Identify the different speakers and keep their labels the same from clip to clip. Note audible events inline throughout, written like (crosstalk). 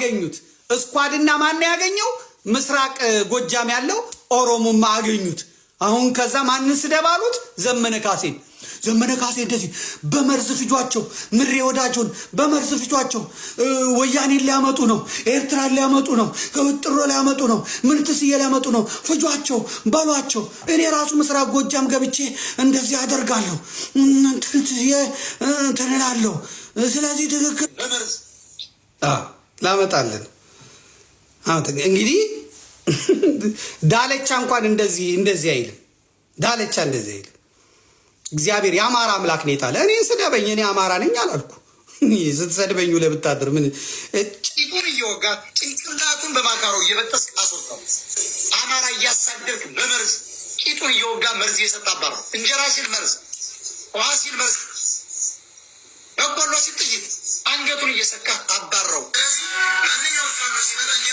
Speaker 1: አገኙት። እስኳድና ማን ያገኘው? ምስራቅ ጎጃም ያለው ኦሮሞማ አገኙት። አሁን ከዛ ማንን ስደብ አሉት? ዘመነ ካሴን። ዘመነ ካሴ እንደዚህ በመርዝ ፍጇቸው፣ ምሬ ወዳጆን በመርዝ ፍጇቸው፣ ወያኔን ሊያመጡ ነው፣ ኤርትራን ሊያመጡ ነው፣ ጥሮ ሊያመጡ ነው፣ ምንትስዬ ሊያመጡ ነው። ፍጇቸው በሏቸው። እኔ ራሱ ምስራቅ ጎጃም ገብቼ እንደዚህ አደርጋለሁ፣ ትንትዬ ትንላለሁ። ስለዚህ ትክክል ላመጣልን እንግዲህ (laughs) ዳለቻ እንኳን እንደዚህ እንደዚህ አይልም። ዳለቻ እንደዚህ አይልም። እግዚአብሔር የአማራ አምላክ ነው የጣለ እኔ ስደበኝ፣ እኔ አማራ ነኝ አላልኩ። ስትሰድበኝ ውለህ ብታድር ምን
Speaker 2: ጭቁን እየወጋ ጭንቅላቱን በማካሮ እየበጠስ አስወጣው። አማራ እያሳደርክ በመርዝ ቂጡን እየወጋ መርዝ እየሰጣ አባራ እንጀራ ሲል መርዝ፣ ውሃ ሲል መርዝ፣ በቆሎ ሲል ጥይት አንገቱን እየሰካ አባረው።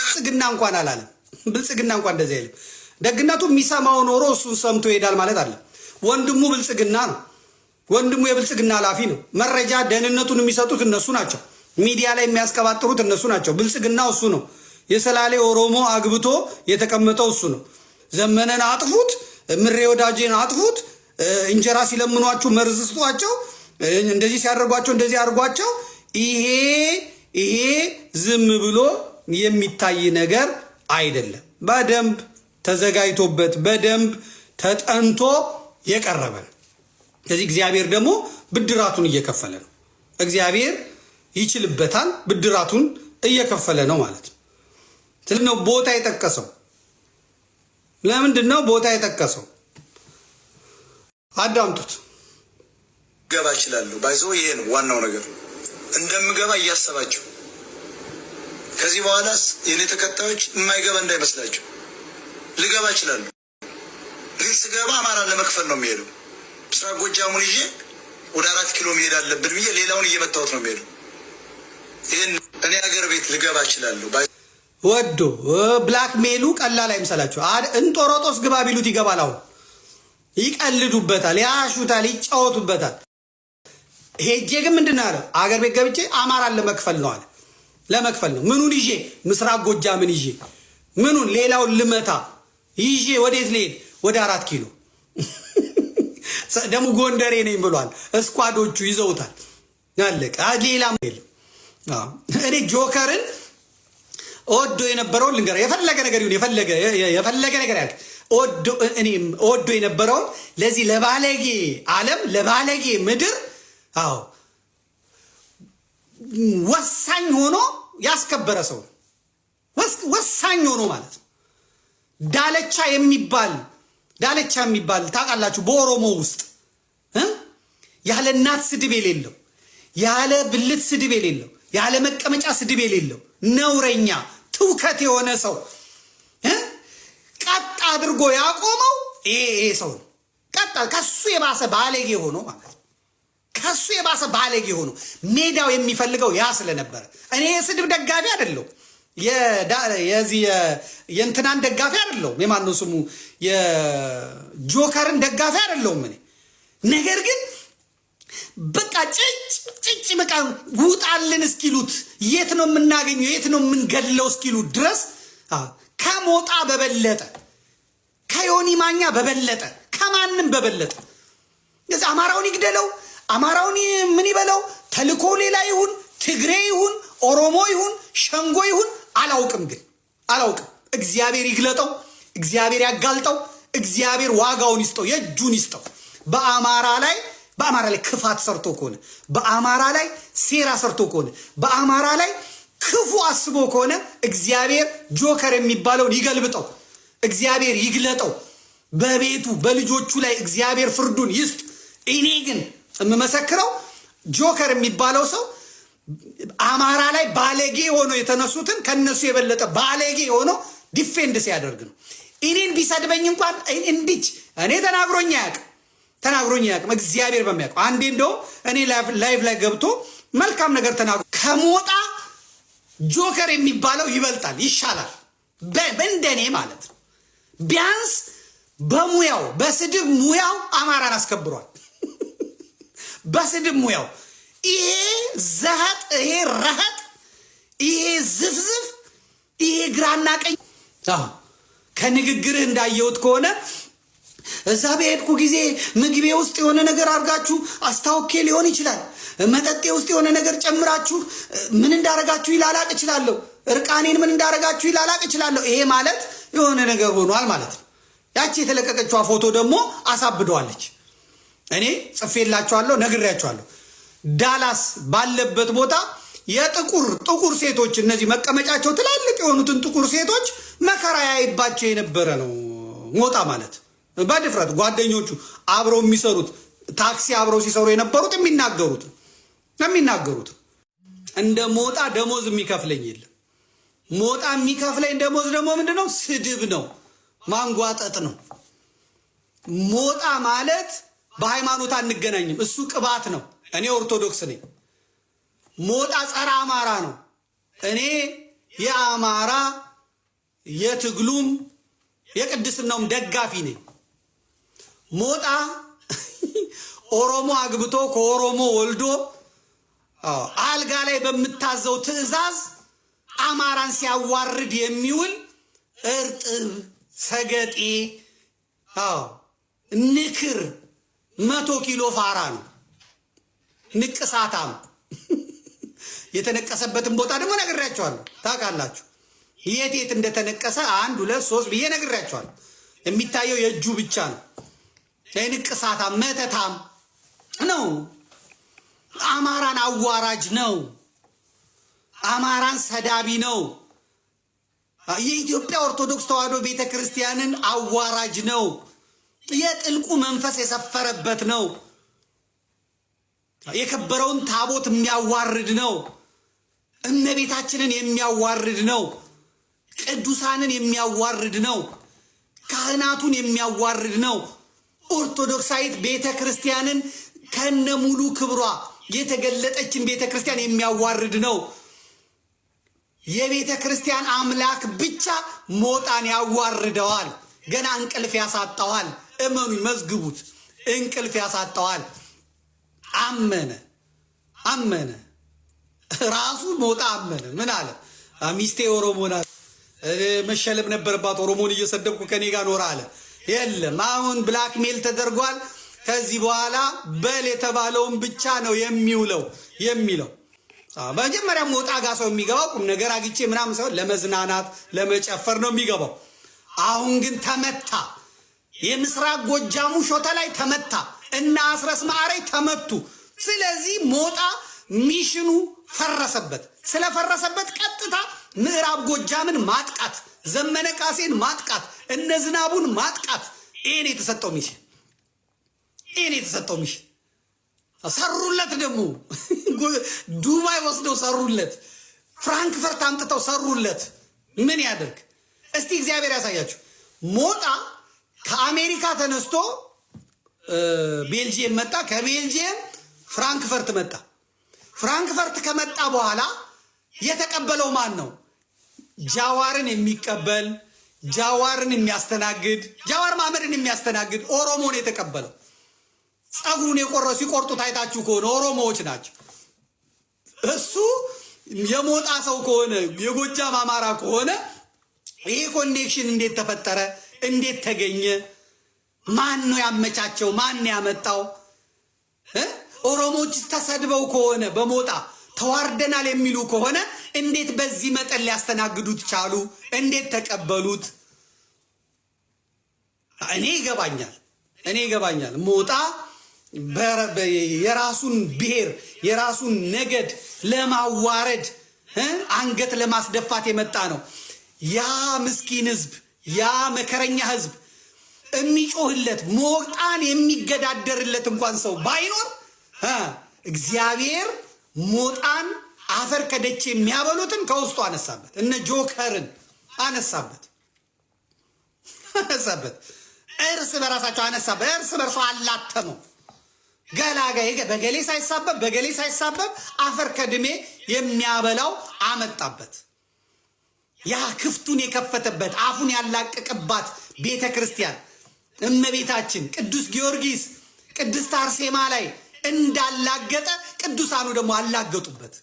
Speaker 1: ብልጽግና እንኳን አላለም። ብልጽግና እንኳን እንደዚህ አይልም። ደግነቱ የሚሰማው ኖሮ እሱን ሰምቶ ይሄዳል ማለት አለ። ወንድሙ ብልጽግና ነው። ወንድሙ የብልጽግና ኃላፊ ነው። መረጃ ደህንነቱን የሚሰጡት እነሱ ናቸው። ሚዲያ ላይ የሚያስቀባጥሩት እነሱ ናቸው። ብልጽግናው እሱ ነው። የሰላሌ ኦሮሞ አግብቶ የተቀመጠው እሱ ነው። ዘመነን አጥፉት፣ ምሬ ወዳጄን አጥፉት፣ እንጀራ ሲለምኗችሁ መርዝ ስጧቸው፣ እንደዚህ ሲያደርጓቸው፣ እንደዚህ አድርጓቸው ይሄ ይሄ ዝም ብሎ የሚታይ ነገር አይደለም። በደንብ ተዘጋጅቶበት በደንብ ተጠንቶ የቀረበ ነው። ስለዚህ እግዚአብሔር ደግሞ ብድራቱን እየከፈለ ነው። እግዚአብሔር ይችልበታል፣ ብድራቱን እየከፈለ ነው ማለት ነው። ስለዚህ ነው ቦታ የጠቀሰው። ለምንድን ነው ቦታ የጠቀሰው? አዳምጡት።
Speaker 2: ገባ ይችላሉ ባይዞ ይሄ ነው ዋናው ነገር። እንደምገባ እያሰባችሁ ከዚህ በኋላስ የእኔ ተከታዮች የማይገባ እንዳይመስላችሁ ልገባ እችላለሁ። ግን ስገባ አማራን ለመክፈል ነው የሚሄደው። ምስራቅ ጎጃሙን ይዤ ወደ አራት ኪሎ መሄድ አለብን ብዬ ሌላውን እየመታወት ነው የሚሄደው። ይህን እኔ ሀገር ቤት ልገባ እችላለሁ።
Speaker 1: ወዶ ብላክ ሜሉ ቀላል አይምሰላችሁ። እንጦሮጦስ ግባ ቢሉት ይገባል። አሁን ይቀልዱበታል፣ ያሹታል፣ ይጫወቱበታል። ሄጄ ግን ምንድን ነው ያለው? አገር ቤት ገብቼ አማራን ለመክፈል ነው አለ። ለመክፈል ነው። ምኑን ይዤ? ምስራቅ ጎጃምን ይዤ ምኑን ሌላውን ልመታ ይዤ ወዴት ልሄድ? ወደ አራት ኪሎ (laughs) ደግሞ ጎንደሬ ነኝ ብሏል። እስኳዶቹ ይዘውታል። ያለቀ ሌላ የለም። እኔ ጆከርን ወዶ የነበረውን ልንገር፣ የፈለገ ነገር ይሁን፣ የፈለገ ነገር ያ ወዶ የነበረውን ለዚህ ለባለጌ ዓለም ለባለጌ ምድር አዎ ወሳኝ ሆኖ ያስከበረ ሰው ነው። ወሳኝ ሆኖ ማለት ነው። ዳለቻ የሚባል ዳለቻ የሚባል ታውቃላችሁ፣ በኦሮሞ ውስጥ ያለ እናት ስድብ የሌለው ያለ ብልት ስድብ የሌለው ያለ መቀመጫ ስድብ የሌለው ነውረኛ ትውከት የሆነ ሰው ቀጥ አድርጎ ያቆመው ይሄ ሰው ነው። ቀጥ ከሱ የባሰ ባለጌ ሆኖ ማለት ነው። ከሱ የባሰ ባለጌ የሆኑ ሜዳው የሚፈልገው ያ ስለነበረ እኔ የስድብ ደጋፊ አይደለሁ። የዚህ የእንትናን ደጋፊ አይደለሁም። የማነው ስሙ የጆከርን ደጋፊ አይደለሁም እኔ ነገር ግን በቃ ጭጭ ጭጭ በቃ ውጣልን እስኪሉት የት ነው የምናገኘው የት ነው የምንገድለው እስኪሉት ድረስ ከሞጣ በበለጠ ከዮኒ ማኛ በበለጠ ከማንም በበለጠ እዚህ አማራውን ይግደለው አማራውን ምን ይበለው፣ ተልኮ ሌላ ይሁን፣ ትግሬ ይሁን፣ ኦሮሞ ይሁን፣ ሸንጎ ይሁን አላውቅም፣ ግን አላውቅም። እግዚአብሔር ይግለጠው፣ እግዚአብሔር ያጋልጠው፣ እግዚአብሔር ዋጋውን ይስጠው፣ የእጁን ይስጠው። በአማራ ላይ በአማራ ላይ ክፋት ሰርቶ ከሆነ በአማራ ላይ ሴራ ሰርቶ ከሆነ በአማራ ላይ ክፉ አስቦ ከሆነ እግዚአብሔር ጆከር የሚባለውን ይገልብጠው፣ እግዚአብሔር ይግለጠው። በቤቱ በልጆቹ ላይ እግዚአብሔር ፍርዱን ይስጥ። እኔ ግን የምመሰክረው ጆከር የሚባለው ሰው አማራ ላይ ባለጌ ሆኖ የተነሱትን ከነሱ የበለጠ ባለጌ ሆኖ ዲፌንድ ሲያደርግ ነው። እኔን ቢሰድበኝ እንኳን እንዲች እኔ ተናግሮኝ አያውቅም፣ ተናግሮኝ አያውቅም። እግዚአብሔር በሚያውቀው አንዴ እንደውም እኔ ላይቭ ላይ ገብቶ መልካም ነገር ተናግሮ ከሞጣ ጆከር የሚባለው ይበልጣል፣ ይሻላል፣ እንደኔ ማለት ነው። ቢያንስ በሙያው በስድብ ሙያው አማራን አስከብሯል። በስድብ ሙያው ይሄ ዘሀጥ ይሄ ረሀጥ ይሄ ዝፍዝፍ ይሄ ግራና ቀኝ ከንግግርህ እንዳየሁት ከሆነ እዛ በሄድኩ ጊዜ ምግቤ ውስጥ የሆነ ነገር አድርጋችሁ አስታውኬ ሊሆን ይችላል። መጠጤ ውስጥ የሆነ ነገር ጨምራችሁ ምን እንዳረጋችሁ ይላላቅ እችላለሁ። እርቃኔን ምን እንዳረጋችሁ ይላላቅ እችላለሁ። ይሄ ማለት የሆነ ነገር ሆኗል ማለት ነው። ያቺ የተለቀቀችዋ ፎቶ ደግሞ አሳብደዋለች። እኔ ጽፌላችኋለሁ፣ ነግሬያችኋለሁ። ዳላስ ባለበት ቦታ የጥቁር ጥቁር ሴቶች እነዚህ መቀመጫቸው ትላልቅ የሆኑትን ጥቁር ሴቶች መከራ ያይባቸው የነበረ ነው። ሞጣ ማለት በድፍረት ጓደኞቹ አብረው የሚሰሩት ታክሲ አብረው ሲሰሩ የነበሩት የሚናገሩት የሚናገሩት እንደ ሞጣ ደሞዝ የሚከፍለኝ የለም። ሞጣ የሚከፍለኝ ደሞዝ ደግሞ ምንድነው? ስድብ ነው፣ ማንጓጠጥ ነው። ሞጣ ማለት በሃይማኖት አንገናኝም። እሱ ቅባት ነው፣ እኔ ኦርቶዶክስ ነኝ። ሞጣ ጸረ አማራ ነው፣ እኔ የአማራ የትግሉም የቅድስናውም ደጋፊ ነኝ። ሞጣ (laughs) ኦሮሞ አግብቶ ከኦሮሞ ወልዶ አልጋ ላይ በምታዘው ትዕዛዝ አማራን ሲያዋርድ የሚውል እርጥብ ሰገጤ ንክር መቶ ኪሎ ፋራ ነው። ንቅሳታም (laughs) የተነቀሰበትን ቦታ ደግሞ ነግሬያቸዋለሁ። ታውቃላችሁ የት የት እንደተነቀሰ አንድ ሁለት ሶስት ብዬ ነግሬያቸዋለሁ። የሚታየው የእጁ ብቻ ነው። ንቅሳታም መተታም ነው። አማራን አዋራጅ ነው። አማራን ሰዳቢ ነው። የኢትዮጵያ ኦርቶዶክስ ተዋሕዶ ቤተ ክርስቲያንን አዋራጅ ነው። የጥልቁ መንፈስ የሰፈረበት ነው። የከበረውን ታቦት የሚያዋርድ ነው። እመቤታችንን የሚያዋርድ ነው። ቅዱሳንን የሚያዋርድ ነው። ካህናቱን የሚያዋርድ ነው። ኦርቶዶክሳዊት ቤተ ክርስቲያንን ከነ ሙሉ ክብሯ የተገለጠችን ቤተ ክርስቲያን የሚያዋርድ ነው። የቤተ ክርስቲያን አምላክ ብቻ ሞጣን ያዋርደዋል። ገና እንቅልፍ ያሳጠዋል። እመኑ፣ መዝግቡት። እንቅልፍ ያሳጠዋል። አመነ አመነ ራሱ ሞጣ አመነ። ምን አለ ሚስቴ ኦሮሞ ናት፣ መሸለም ነበረባት፣ ኦሮሞን እየሰደብኩ ከኔ ጋር ኖረ አለ። የለም አሁን ብላክሜል ተደርጓል። ከዚህ በኋላ በል የተባለውን ብቻ ነው የሚውለው የሚለው መጀመሪያ ሞጣ ጋ ሰው የሚገባው ቁም ነገር አግቼ ምናምን ሰው ለመዝናናት ለመጨፈር ነው የሚገባው። አሁን ግን ተመታ። የምስራቅ ጎጃሙ ሾተ ላይ ተመታ እና አስረስ ማዕረይ ተመቱ። ስለዚህ ሞጣ ሚሽኑ ፈረሰበት። ስለፈረሰበት ቀጥታ ምዕራብ ጎጃምን ማጥቃት፣ ዘመነ ቃሴን ማጥቃት፣ እነ ዝናቡን ማጥቃት። ይህን የተሰጠው ሚሽን ይህን የተሰጠው ሚሽን ሰሩለት። ደግሞ (laughs) ዱባይ ወስደው ሰሩለት። ፍራንክፈርት አምጥተው ሰሩለት። ምን ያደርግ እስቲ እግዚአብሔር ያሳያችሁ ሞጣ ከአሜሪካ ተነስቶ ቤልጅየም መጣ። ከቤልጅየም ፍራንክፈርት መጣ። ፍራንክፈርት ከመጣ በኋላ የተቀበለው ማን ነው? ጃዋርን የሚቀበል ጃዋርን የሚያስተናግድ ጃዋር ማመድን የሚያስተናግድ ኦሮሞን የተቀበለው ጸጉሩን የቆረ ሲቆርጡ ታይታችሁ ከሆነ ኦሮሞዎች ናቸው። እሱ የሞጣ ሰው ከሆነ የጎጃም አማራ ከሆነ ይሄ ኮኔክሽን እንዴት ተፈጠረ? እንዴት ተገኘ? ማን ነው ያመቻቸው? ማን ያመጣው? ኦሮሞዎች ተሰድበው ከሆነ በሞጣ ተዋርደናል የሚሉ ከሆነ እንዴት በዚህ መጠን ሊያስተናግዱት ቻሉ? እንዴት ተቀበሉት? እኔ ይገባኛል፣ እኔ ይገባኛል። ሞጣ የራሱን ብሔር የራሱን ነገድ ለማዋረድ አንገት ለማስደፋት የመጣ ነው ያ ምስኪን ህዝብ ያ መከረኛ ህዝብ የሚጮህለት ሞጣን የሚገዳደርለት እንኳን ሰው ባይኖር እግዚአብሔር ሞጣን አፈር ከደች የሚያበሉትን ከውስጡ አነሳበት። እነ ጆከርን አነሳበት አነሳበት እርስ በራሳቸው አነሳበት። እርስ በርሶ አላተመው። ገላጋይ በገሌ ሳይሳበብ በገሌ ሳይሳበብ አፈር ከድሜ የሚያበላው አመጣበት። ያ ክፍቱን የከፈተበት አፉን ያላቀቀባት ቤተ ክርስቲያን እመቤታችን ቅዱስ ጊዮርጊስ ቅድስት አርሴማ ላይ እንዳላገጠ ቅዱሳኑ ደግሞ አላገጡበት።